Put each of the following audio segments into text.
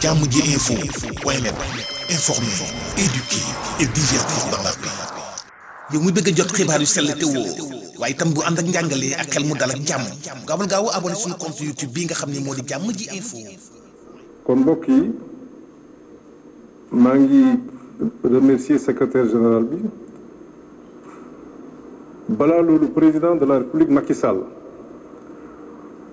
jàmm ji info point net informer, éduquer et divertir dans la paix. yow mi bëgg a jot xibaar yu sell te woo waaye itam bu ànd ak njàngalee ak xel mu dal ak jàmm gaawal gaaw abonné suñu compte YouTube bii nga xam ne moo di jàmm ji info. kon mbokk yi maa ngi remercier secrétaire général bi balaa loolu président de la république Macky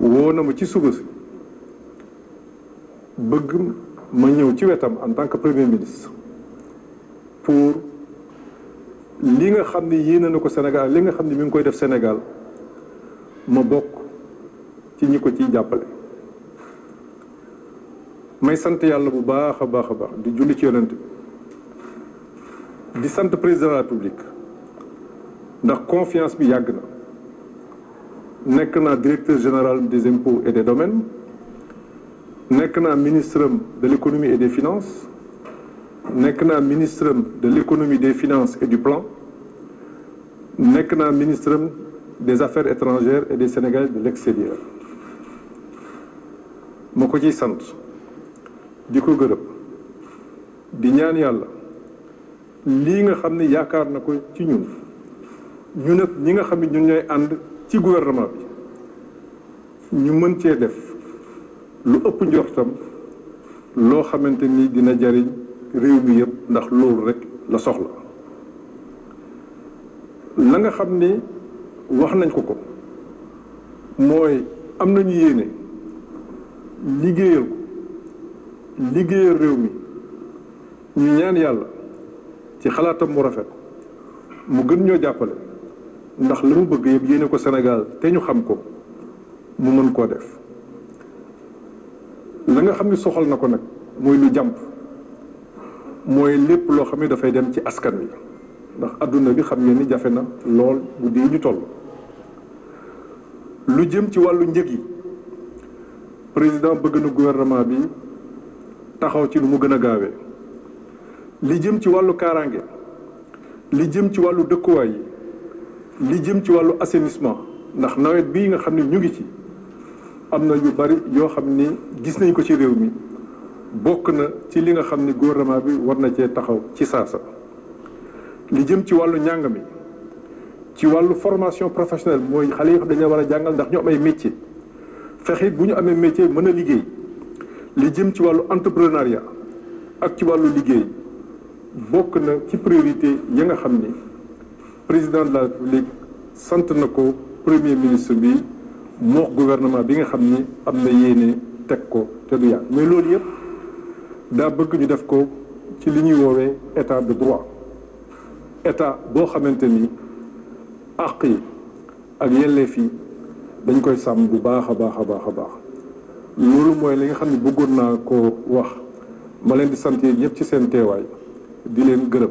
woo na ma ci suba bëgg ma ñëw ci wetam en tant que premier ministre pour li nga xam ni yéene na ko Sénégal li nga xam ne mu ngi koy def Sénégal ma bokk ci ñi ko ci jàppale may sant yàlla bu baax a baax a baax di julli ci yonent bi di sant président de la République ndax confiance bi yàgg na nekk naa directeur général des impôts et des domaines nekk naa ministre de l' et des finance nekk naa ministre de l' économie des finances et du plan nekk naa ministre des affaires étrangères et des Sénégalais de l' extérieur ma ko ciy sant di ko gërëm di ñaan yàlla lii nga xam ne yaakaar na ko ci ñun ñu nag ñi nga xam ne ñun ñooy ànd ci gouvernement bi ñu mën cee def lu ëpp njortam loo xamante ni dina jariñ réew bi yëpp ndax loolu rek la soxla la nga xam ni wax nañ ko ko mooy am nañu yéene liggéeyal ko liggéeyal réew mi ñu ñaan yàlla ci xalaatam mu rafet mu gën ñoo jàppale ndax la mu bëgg yëpp yéene ko Sénégal te ñu xam ko mu mën koo def na nga xam ni soxal na ko nag mooy lu jàmp mooy lépp loo xam ne dafay dem ci askan wi ndax àdduna bi xam ne ni jafe na lool bu yi ñu toll lu jëm ci wàllu njëg yi président bëgg na gouvernement bi taxaw ci lu mu gën a gaawee li jëm ci wàllu kaaraange li jëm ci wàllu dëkkuwaay yi li jëm ci wàllu assainissement ndax nawet bii nga xam ne ñu ngi ci am na yu bari yoo xam ni gis nañ ko ci réew mi bokk na ci li nga xam ni gouvernement bi war na cee taxaw ci saasa li jëm ci wàllu njàng mi ci wàllu formation professionnelle mooy xale yoo xam dañu war a jàngal ndax ñu am ay métier fexe bu ñu amee métier mën a liggéey li jëm ci wàllu entrepreneuriat ak ci wàllu liggéey bokk na ci priorité ya nga xam ni président de la république sant na ko premier ministre bi moo gouvernement bi nga xam ni am na yéene teg ko te du yàgg mais loolu yëpp daa bëgg ñu def ko ci li ñuy woowee état de droit état boo xamante ni àq yi ak yelleef yi dañ koy sàmm bu baax a baax a baax a baax loolu mooy li nga xam ne bëggoon naa ko wax ma leen di sant yéen ñëpp ci seen teewaay di leen gërëm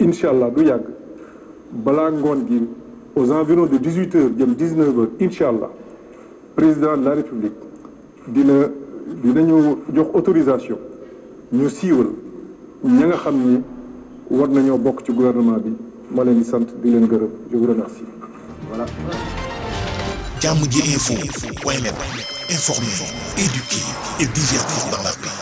incha allah du yàgg balaa ngoon gi aux environs de 18 heures jëm 19 heures incha allah président de la république dina dinañu jox autorisation ñu siiwal ña nga xam ni war nañoo bokk ci gouvernement bi ma leen di sant di leen gërëm je vous remercie voilà. jàmm ji info point net informer, éduquer et dans la paix.